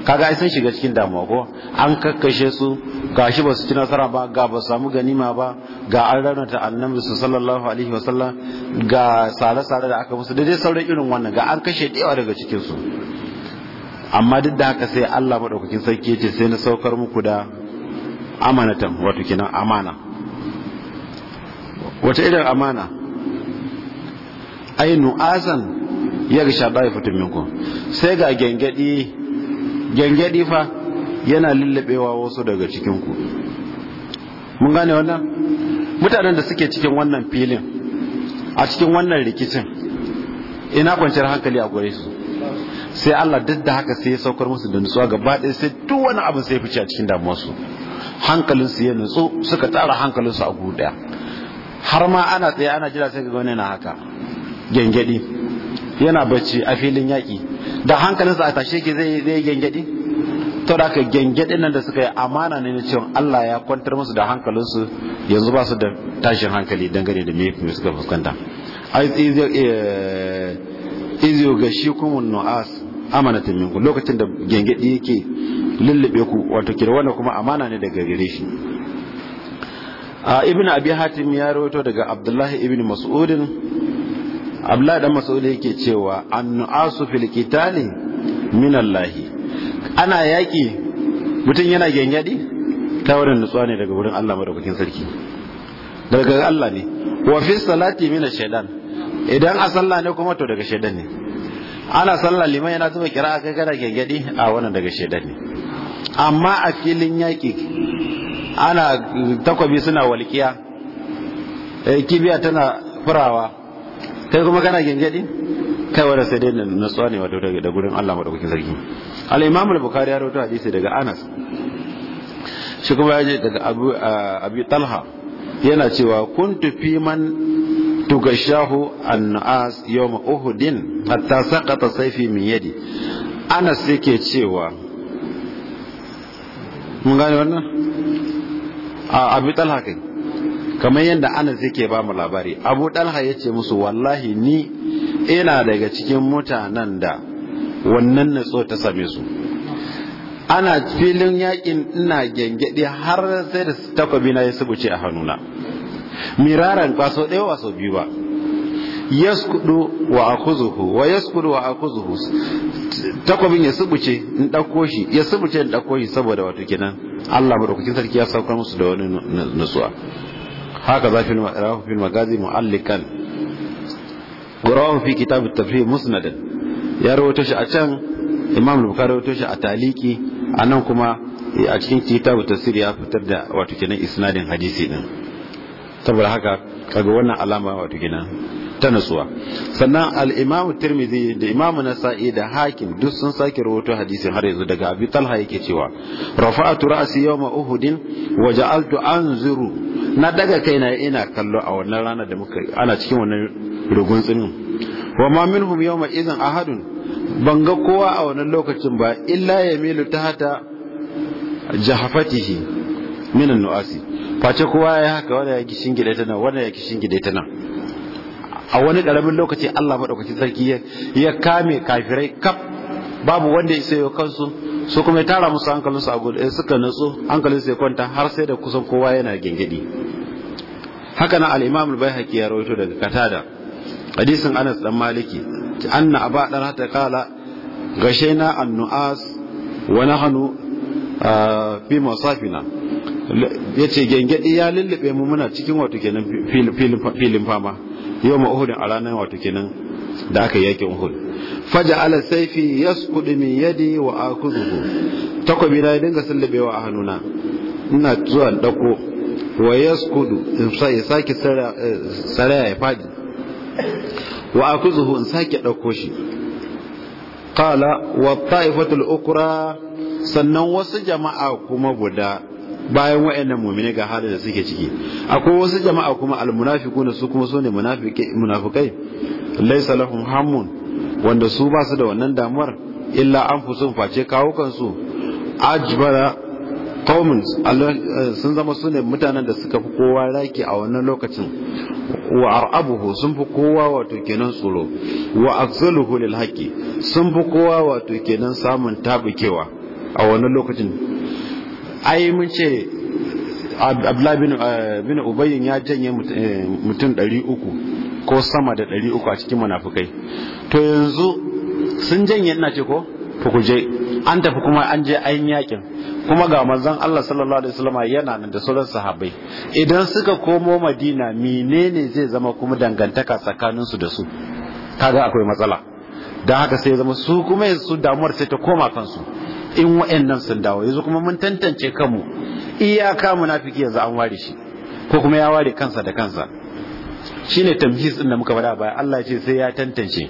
kaga ai sun shiga cikin damuwa ko an kakkashe su gashi ba su ci nasara ba ga ba samu ganima ba ga an raunata annabi su sallallahu alaihi wa sallam ga sare-sare da aka musu da dai sauran irin wannan ga an kashe da daga cikin su amma duk da haka sai Allah madaukakin sarki ya ce sai na saukar muku da amanatan wato kenan amana wata irin amana ai nu'asan ya da'ifatun minku sai ga gengedi gyangyaɗi fa yana lullabewa wasu daga cikinku mun gane wannan mutanen da suke cikin wannan filin a cikin wannan rikicin ina kwanciyar hankali a gure su sai Allah duk da haka sai ya saukar musu da nutsuwa gaba ɗaya sai duk wani abin sai fice a cikin damuwarsu hankalinsu ya nutsu suka tsara hankalinsu a guda har ma ana tsaye ana jira sai ga wani na haka gyangyaɗi yana bacci a filin yaƙi da hankalinsa a tashe ke zai zai gengedi to da ka gengedi nan da suka yi amana ne na cewa Allah ya kwantar musu da hankalinsu yanzu ba su da tashin hankali dangane da me suka fuskanta iziyo eh, ga shi kuma nu'as ta minku lokacin da gengedi yake lullube ku wato kira wanda kuma amana ne daga gare shi ibn abi hatim ya rawaito daga abdullahi ibn mas'udin abdullahi dan mas'ud yake cewa annu'asu fil qitali min Allah ana yaki mutum yana gengadi ta wurin nutsuwa ne daga wurin Allah madaukakin sarki daga Allah ne wa fi salati min shaidan idan a sallah ne kuma to daga shaidan ne ana sallah liman yana zuba kira kai kana gengadi a wannan daga shaidan ne amma a filin yaki ana takwabi suna walƙiya eh, kibiya tana furawa kai kuma kana gengedi kai wanda sai dai natsuwa ne wato daga gurin Allah madaukakin sarki al-imam al-bukhari ya rawaito hadisi daga Anas shi kuma ya je daga Abu Abi Talha yana cewa kuntu fi man tugashahu an-nas yawm Uhudin hatta saqata sayfi min yadi Anas yake cewa mun gane wannan a Abi Talha kai kamar yadda anas yake ba mu labari abu dalha ya ce musu wallahi ni ina daga cikin mutanen da wannan so ta same su ana filin yakin ina gyangyaɗe har sai da takwabi na ya subuce a hannuna miraran kwaso ɗaya wasu biyu ba yaskudu wa akuzuhu wa yaskudu wa akuzuhu takwabin ya subuce in ɗauko shi ya subuce in ɗauko shi saboda wato kenan Allah madaukakin sarki ya saukar musu da wani nutsuwa haka za fi magazi mu'allikan gurawan fi kitab tafsir musnadin ya rawaito shi a can imam da bukari rawaito shi a taliki a nan kuma a cikin kitab tafsir ya fitar da wato kenan isnadin hadisi din saboda haka kaga wannan alama wato kenan ta nutsuwa sannan al-imamu tirmidhi da imamu nasa'i da hakim duk sun sake rawaito hadisin har yanzu daga abi talha yake cewa rafa'atu ra'si yawma uhudin wa ja'altu anzuru na daga kaina ina kallo a wannan rana da muka ana cikin wannan rugun tsinin wa ma minhum yawma idhan ahadun ban ga kowa a wannan lokacin ba illa yamilu tahta jahafatihi minan nu'asi face kowa ya haka wanda ya kishin gida ta nan wanda ya kishin gida nan a wani ƙaramin lokaci Allah maɗaukacin sarki ya kame kafirai kaf babu wanda ya sayo kansu su kuma ya tara musu hankalinsu a gudu suka nutsu hankalinsu ya kwanta har sai da kusan kowa yana gingidi haka na al bai al-baihaqi ya rawaito daga katada hadisin Anas dan Maliki anna aba dan hata kala gashaina an-nu'as wa nahnu ah, fi masafina yace gengedi ya lullube mu muna cikin wato kenan filin fama yau ma uhudin a ranar wata kenan da aka yakin uhud faja ala saifi yaskudu min yadi wa akuzuhu takobi na ya dinga sallabewa a hannuna ina zuwa dako wa yaskudu in sai saki eh, saraya ya fadi wa akuzuhu in saki dako shi qala wa ta'ifatul ukra sannan wasu jama'a kuma guda bayan wayannan mu'mini ga halin da suke ciki akwai wasu jama'a kuma almunafiquna su kuma sune munafiki munafikai laysa lahum hammun wanda su ba su da wannan damuwar illa an anfusun face kawo kansu ajbara qaumun sun zama sune mutanen da suka fi kowa raki a wannan lokacin wa ar'abuhu sun fi kowa wato kenan tsoro wa afzaluhu lil haqqi sun fi kowa wato kenan samun tabukewa a wannan lokacin ai mun ce abdullahi bin eh, ubayyin ya janye eh, mutum 300 ko sama da 300 a cikin munafukai to yanzu sun janye ina ce ko to ku je an tafi kuma an je ayin yakin kuma ga manzon Allah sallallahu alaihi wasallam yana nan da sauran sahabbai idan suka komo Madina menene zai zama kuma dangantaka tsakanin su da su kaga akwai matsala dan haka sai ya zama su kuma yanzu damuwar sai ta koma kansu in wa'annan sun dawo yanzu kuma mun tantance kanmu iyaka munafiki yanzu an ware shi ko kuma ya ware kansa da kansa shine tamhis din da muka faɗa baya Allah ce sai ya tantance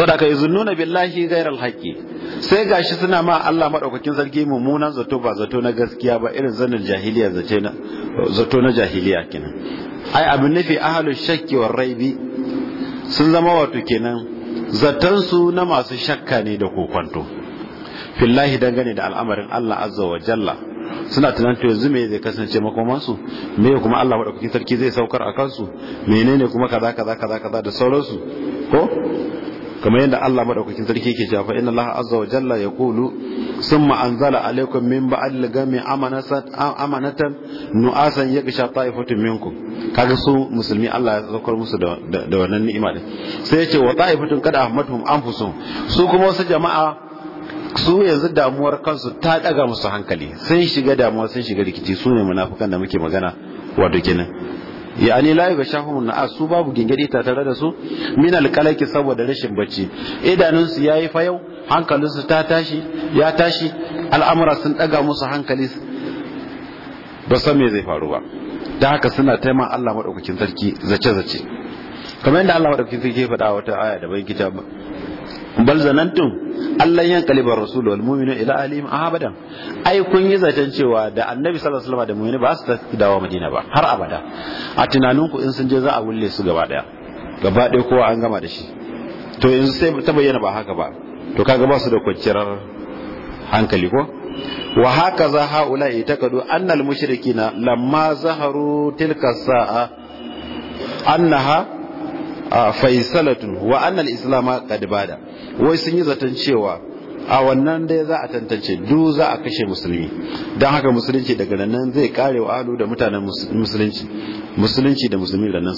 da ka izunnuna billahi ghairal haqqi sai gashi suna ma Allah maɗaukakin sarki mummunan zato ba zato na gaskiya ba irin zanin jahiliya zace na zato na jahiliya kenan ai abin nufi ahlus shakki war raibi sun zama wato kenan zatansu na masu shakka ne da kokonto fillahi dangane da al'amarin Allah azza wa jalla suna tunanin yanzu me zai kasance makoman su me kuma Allah dauki sarki zai saukar a kansu menene kuma kaza kaza kaza kaza da sauransu ko kama yadda Allah madaukakin sarki yake cewa inna Allah azza wa jalla yaqulu summa anzala alaykum min al gami amanatan amanatan nu'asan yaghsha ta'ifatu minkum kaga su musulmi Allah ya zakar musu da da wannan ni'ima din sai yace wa ta'ifatu kada ahmaduhum anfusuhum su kuma wasu jama'a su yanzu damuwar kansu ta daga musu hankali sun shiga damuwa sun shiga rikici su ne munafukan da muke magana wato kenan yani la yuga shahum na su babu gingiri ta tare da su min alqalaki saboda rashin bacci idanun su yayi fa yau hankalin su ta tashi ya tashi al'amura sun daga musu hankali ba san me zai faru ba da haka suna taima Allah madaukakin sarki zace zace kamar yadda Allah madaukakin sarki ya faɗa wata aya da bai kita bal zanantum Allah yan kalibar rasul wal mu'minu ila alim abadan ai kun yi zaton cewa da annabi sallallahu alaihi wasallam da mu'mini ba su dawo madina ba har abada a tunanin ku in sun je za a wulle su gaba daya gaba daya kowa an gama da shi to yanzu sai ta bayyana ba haka ba to kaga ba su da kwanciyar hankali ko wa haka za haula itakadu annal mushrikina lamma zaharu tilka sa'a annaha faisalatun wa annal islama qad bada wai sun yi zaton cewa a wannan dai za a tantance du za a kashe musulmi don haka musulunci daga nan zai kare wa da mutanen musulunci musulunci da musulmi da nan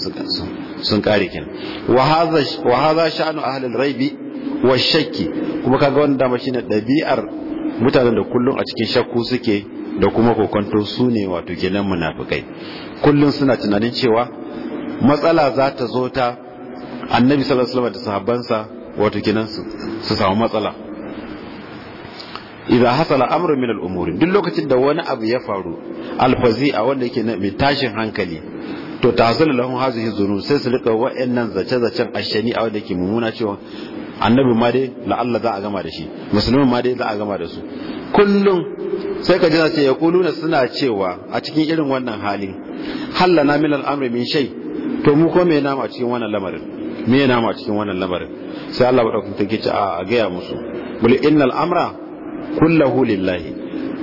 sun kare kin wa haza sha'anu ahlul raibi wa shakki kuma kaga wannan dama shine dabi'ar mutanen da kullum a cikin shakku suke da kuma kokonto su ne wato kenan munafikai kullum suna tunanin cewa matsala za ta zo ta annabi sallallahu alaihi wasallam da sahabbansa wato kenan su samu matsala idan hasala amrun min al-umuri duk lokacin da wani abu ya faru alfazi a wanda yake mai tashin hankali to tahsil lahum hazihi zunun sai su rika wa'annan zace zacen ashani a wanda yake mumuna cewa annabi ma dai la'alla za a gama da shi musulmin ma dai za a gama da su kullum sai ka jira ce ya kuluna suna cewa a cikin irin wannan hali hallana min al-amri min shay to mu ko me namu a cikin wannan lamarin me namu a cikin wannan lamarin sai Allah madaukakin take ce a gaya musu mul innal amra kullahu lillahi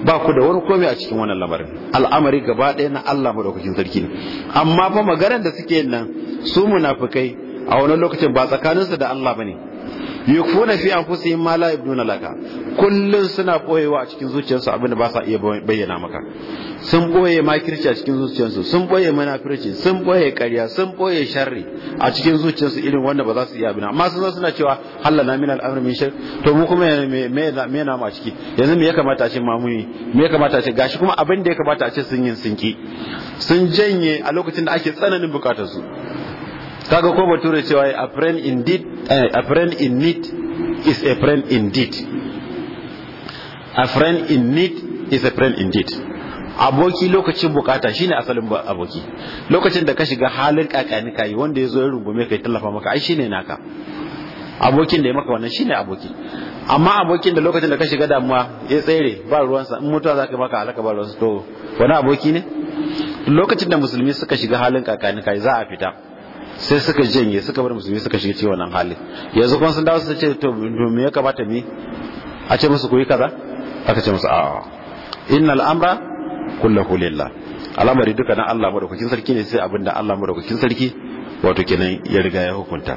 ba ku da wani komai a cikin wannan lamarin al'amari gaba ɗaya na Allah madaukakin sarki ne amma fa maganar da suke nan su munafikai a wani lokacin ba tsakaninsu da Allah bane yakuna fi anfusihim ma la yabduna laka kullun suna koyewa a cikin zuciyarsu abinda ba sa iya bayyana maka sun boye makirci a cikin zuciyarsu sun boye munafirci sun boye ƙarya sun boye sharri a cikin zuciyarsu irin wanda ba za su iya abin amma sun suna cewa Allah na min al'amr min shar to mu kuma me me na mu a ciki yanzu me ya kamata a ce ma mun me ya kamata a ce gashi kuma abin da ya kamata a ce sun yin sun ki sun janye a lokacin da ake tsananin bukatarsu. kaga ko bature cewa a friend indeed eh, a friend in need is a friend indeed a friend in need is a friend indeed aboki lokacin bukata shine asalin aboki lokacin da ka shiga halin kakani kai wanda ya zo ya rungume kai tallafa maka ai shine naka abokin da ya maka wannan shine aboki amma abokin da lokacin da ka shiga damuwa ya tsere ba ruwansa in mutuwa za maka alaka ba sa to wani aboki ne lokacin da musulmi suka shiga halin kakani kai za a fita sai suka janye suka bar musulmi suka shiga cikin wannan hali yanzu kuma sun dawo su ce to me ya kamata mi a ce musu ku yi kaza aka ce musu a innal amra kullahu lillah al'amari duka na Allah madaukakin sarki ne sai abinda Allah madaukakin sarki wato kenan ya riga ya hukunta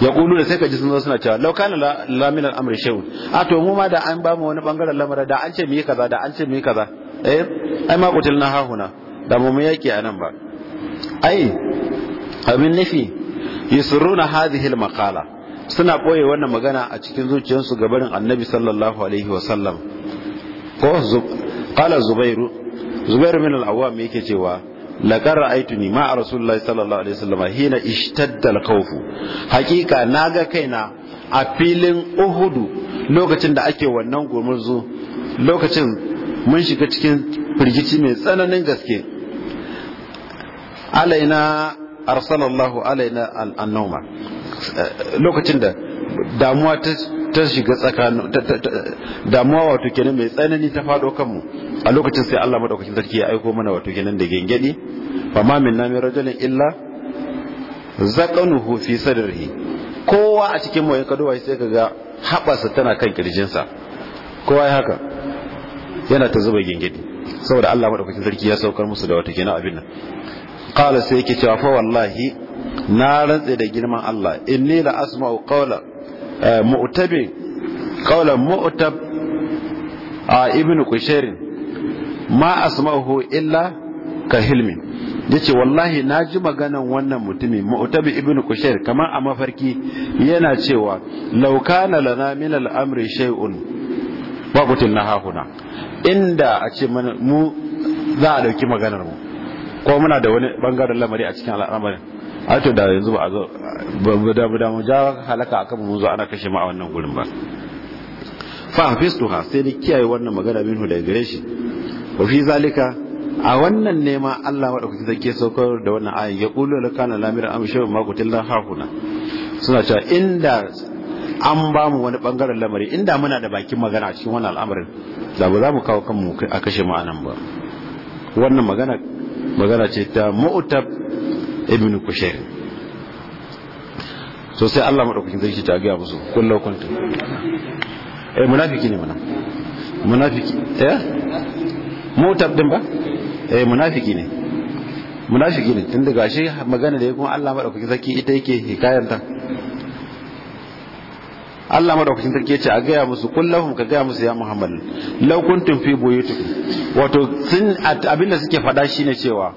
ya kulu da sai ka ji sun zo suna cewa lau kana laminar amri shehun a to mu ma da an ba mu wani bangaren lamarin da an ce mu yi kaza da an ce mu yi kaza eh ai ma kutil na hahuna da mu mu yake nan ba ai abin nufi yusruna hadhihi al makala suna ɓoye wannan magana a cikin zuciyarsu gabarin annabi sallallahu alaihi wasallam ko kala zubairu zubairu min al-awwam yake cewa ra'aitu ra'aytuni ma rasulullahi sallallahu alaihi wasallam hina ishtadda al Hakika na ga kaina a filin uhudu lokacin da ake wannan gumurzu lokacin mun shiga cikin firgici mai tsananin gaske alaina arsalallahu alaina annoma eh, lokacin da damuwa ta shiga tsakanin damuwa wato kenan mai tsanani ta fado kanmu a lokacin sai Allah madaukakin sarki ya aiko mana wato kenan da gengedi fa ma min nami rajulin illa zaqanuhu fi sadrihi kowa a cikin mu kadowa sai kaga habasa tana kan sa kowa ya haka yana ta zuba gengedi saboda Allah madaukakin sarki ya saukar musu da wato kenan abin nan qala sai yake cewa fa wallahi na rantse da girman Allah inni la asma'u qawla eh, mu'tabi qawlan mu'tab a ibn kushair ma asma'uhu illa ka hilmi yace wallahi na ji maganan wannan mutumin mu'tabi ibn kushair kamar a mafarki yana cewa law kana lana min al'amri amri shay'un wa qutilna hahuna inda a ce mu za a dauki maganar mu ko muna da wani bangaren lamari a cikin al'amarin a to da yanzu ba a zo ba da mu ja halaka akan mu zo ana kashe mu a wannan gurin ba fa ha sai ni kiyaye wannan magana hu da gare shi wa fi zalika a wannan nema Allah madaukaki zai ke saukar da wannan ayin ya qulu la kana lamira am shay'un ma qutilla hakuna suna cewa inda an ba mu wani bangaren lamari inda muna da bakin magana cikin wannan al'amarin za mu za mu kawo kanmu a kashe mu anan ba wannan magana magana ce ta mu'tab ibn kushair so sai Allah madaukakin sarki ta ga musu kullu kuntum eh munafiki ne mana munafiki eh mu'tab din ba eh munafiki ne munafiki ne tun daga shi magana da yake kuma Allah madaukakin sarki ita yake hikayar ta Allah madaukakin sarki yace a gaya musu kullahum ka gaya musu ya Muhammad law kuntum fi buyutikum wato sun abinda suke faɗa shine cewa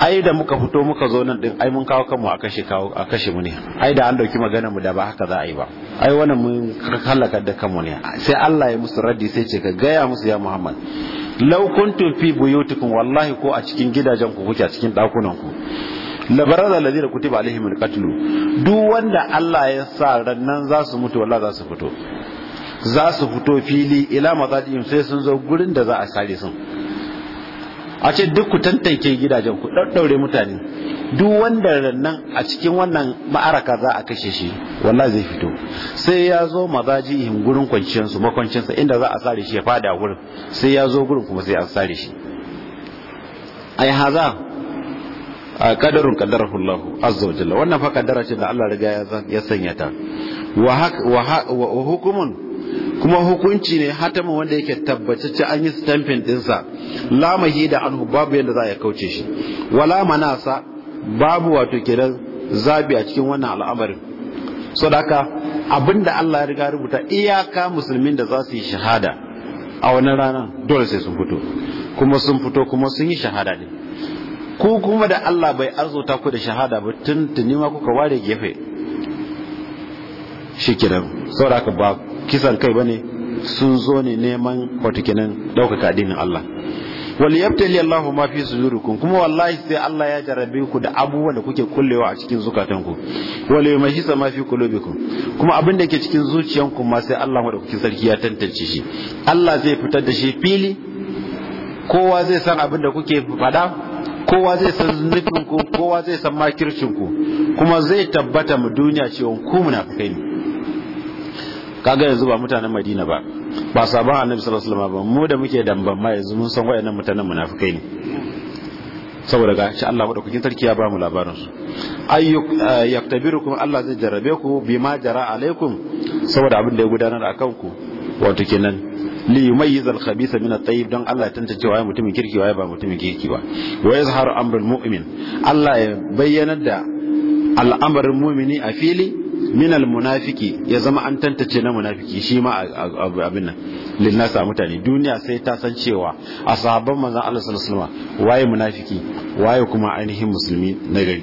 ai da muka fito muka zo nan din ai mun kawo kanmu a kashe kawo a kashe mu ne ai da an dauki magana mu da ba haka za a yi ba ai wannan mun halaka da kanmu ne sai Allah ya musu raddi sai ce ka gaya musu ya Muhammad law kuntum fi buyutikum wallahi ko a cikin gidajen ku kuke a cikin dakunan ku labarar da lazira kutiba alaihim duk wanda Allah ya sa rannan za su mutu wallahi za su fito za su fito fili ila mazadihim sai sun zo gurin da za a sare sun a ce duk ku tantance gidajen ku daddaure mutane duk wanda rannan a cikin wannan ma'araka za a kashe shi wallahi zai fito sai ya zo mazajihim gurin kwanciyarsu makwancinsa inda za a sare shi ya fada gurin sai ya zo gurin kuma sai a sare shi ai haza a kadarin Allah azza wa jalla wannan fa kadara ce da Allah riga ya sanya ta wa hukumun kuma hukunci ne hatama wanda yake tabbatacce an yi stamping sa lamahi da anhu babu yadda za a kauce shi wala manasa babu wato kiran zabi a cikin wannan al'amarin sadaka abinda Allah ya riga rubuta iyaka musulmin da za su yi shahada a wannan rana dole sai sun fito kuma sun fito kuma sun yi shahada ne ku kuma da Allah bai arzuta ku da shahada ba tun tuni ma kuka ware gefe Shi kiran saboda haka ba kisan kai bane sun zo ne neman wato ɗaukaka addinin Allah wal yabtali Allah ma fi sudurikum kuma wallahi sai Allah ya jarabe ku da abubuwan da kuke kullewa a cikin zukatanku wal yumahisa ma fi qulubikum kuma abin da yake cikin zuciyanku ma sai Allah da kuke sarki ya tantance shi Allah zai fitar da shi fili kowa zai san abin da kuke faɗa kowa zai san nufin ku kowa zai san makircin ku kuma zai tabbata mu duniya cewa ku munafikai ne kaga yanzu ba mutanen Madina ba ba sabon Annabi sallallahu alaihi wasallam ba mu da muke damban ma yanzu mun san wayannan mutanen munafikai ne saboda ga shi Allah madaukakin sarki ya ba mu labarin su ayyuk eh, yaktabirukum Allah zai jarrabe ku bima jara alaikum saboda abin da ya gudanar akan ku wato kenan li yumayyiz al khabitha min at tayyib don Allah ya tantance waye mutumin kirki waye ba mutumin kirki ba wa yazharu amrul mu'min Allah ya bayyanar da al'amarin mu'mini a fili min al munafiki ya zama an tantance na munafiki shi ma abin nan linnasa mutane duniya sai ta san cewa a sahabban manzon Allah sallallahu alaihi wasallam waye munafiki waye kuma ainihin musulmi nagari.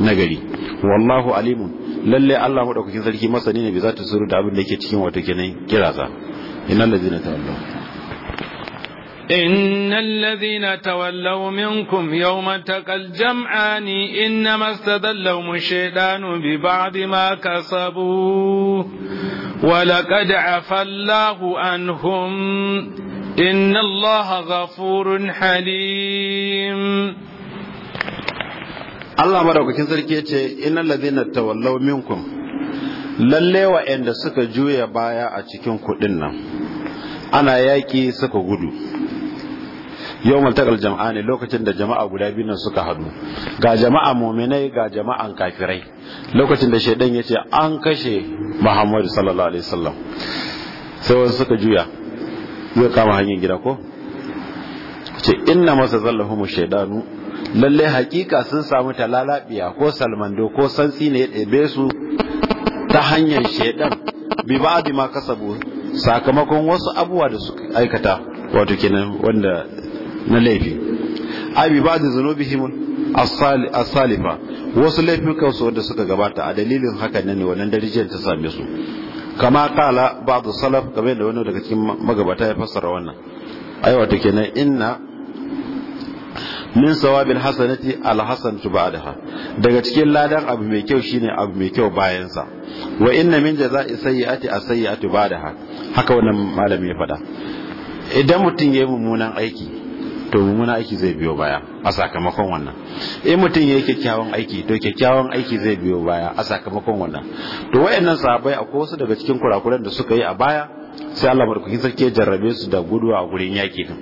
gari wallahu alimun lalle Allah madaukakin sarki masani ne bi zata suru da abin da yake cikin wato kenan kiraza. إن الذين تولوا إن الذين تولوا منكم يوم التقى الجمعان إنما استدلهم الشيطان ببعض ما كسبوا ولقد عفى الله عنهم إن الله غفور حليم الله مرحبا كنت سألت إن الذين تولوا منكم lalle wa'anda suka juya baya a cikin kudin nan ana yaki suka gudu yau maltakal jama'a ne lokacin da jama'a guda biyu nan suka hadu ga jama'a muminai ga jama'a kafirai lokacin da shaidan ya ce an kashe muhammadu sallallahu alaihi wasallam sai wasu suka juya zai kama hanyar gida ko ce inna masa mu shaidanu lalle hakika sun samu talalabiya ko salmando ko santsi ne ya ɗebe su ta hanyar shaidan bi ba ma kasabu sakamakon wasu abubuwa da suka aikata wato kenan wanda na laifi ai bi ba da as-salifa wasu laifin kansu wanda suka gabata a dalilin hakan ne wannan darajar ta same su kama kala ba'du salaf kamar da wani daga cikin magabata ya fassara wannan ai wato kenan inna min sawabil hasanati tu ba'daha daga cikin ladan abu mai kyau shine abu mai kyau bayan sa wa inna min jaza'i sayyi'ati as-sayyi'atu ba'daha haka wannan malami ya faɗa idan mutum yayi mummunan aiki to mummunan aiki zai biyo baya a sakamakon wannan in mutum yayi kyakkyawan aiki to kyakkyawan aiki zai biyo baya a sakamakon wannan to wayannan sahabbai akwai wasu daga cikin kurakuran da suka yi a baya sai Allah barkuki sarki ya jarrabe su da guduwa a gurin yaki din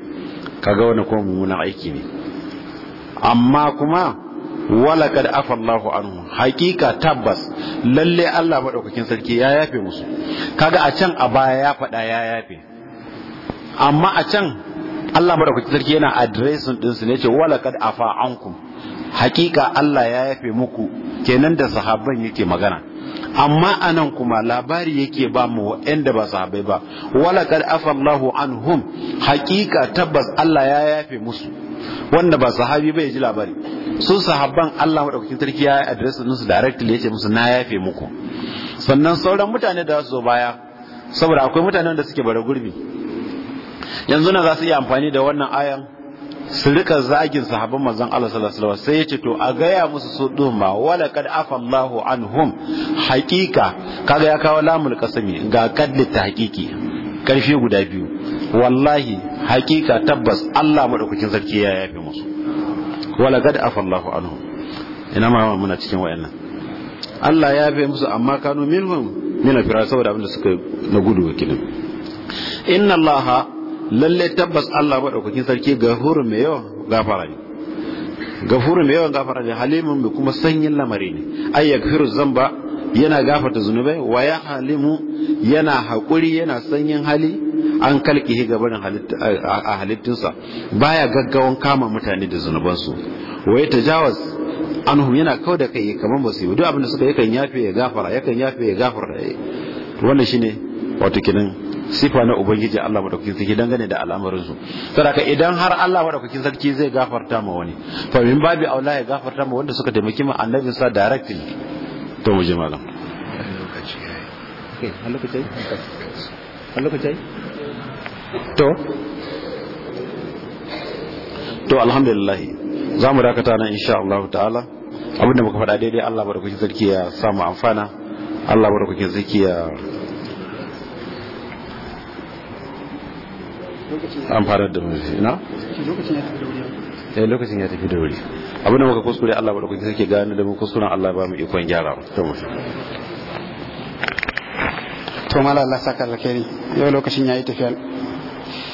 kaga wannan ko mummunan aiki ne amma kuma kad afa Allahu anhu hakika tabbas lalle Allah madaukakin sarki ya yafe musu kaga a can a baya ya faɗa ya yafe amma a can Allah madaukakin sarki yana addressing din su ne ce kad afa ankum hakika Allah ya yafe muku kenan da sahabban yake magana amma anan kuma labari yake ba mu waɗanda ba sahabbai ba kad afa Allahu anhum hakika tabbas Allah ya yafe musu wanda ba sahabi bai ji labari su sahabban Allah madaukakin sarki ya address musu directly yace musu na yafe muku sannan sauran mutane da su zo baya saboda akwai mutanen da suke bara gurbi yanzu na za su iya amfani da wannan ayan su rika zagin sahabban manzon Allah sallallahu alaihi wasallam sai yace to a gaya musu su ma wala kad Allahu anhum haqiqa kaga ya kawo lamul qasami ga kadli hakiki karfi guda biyu wallahi hakika tabbas Allah madaukakin sarki ya yafe musu wala gad afallahu anhu ina ma muna cikin wayannan Allah ya yafe musu amma kanu minhum min afira saboda abinda suka na gudu wakilin inna Allah lalle tabbas Allah madaukakin sarki gafurun mai yawa gafara ne gafurun mai yawa gafara ne halimun mai kuma sanyin lamari ne ay zamba yana gafarta zunubai wa ya halimu yana haƙuri yana sanyin hali an kalkihi gabarin a halittinsa baya gaggawan kama mutane da zunubansu waye tajawaz anhum yana kau da kai kamar ba su yi duk abin da suka yakan yafe ya gafara yakan yafe ya gafara wannan shine wato kinin sifa na ubangiji Allah madaukakin sarki dangane da al'amarin su saboda idan har Allah madaukakin sarki zai gafarta ma wani fa min babi aula ya gafarta ma wanda suka taimaki ma annabi sa directly to mu je malam a lokacin a lokacin to to alhamdulillah za mu dakata nan insha Allah ta'ala abinda muka faɗa daidai Allah barkake sarki ya samu amfana Allah barkake sarki ya amfanar da mu ina lokacin ya tafi da wuri eh, abinda muka kuskure Allah barkake sarki gane da mu kuskuren Allah ba mu ikon gyara to mu to mala Allah saka alkhairi yau lokacin yayi tafiya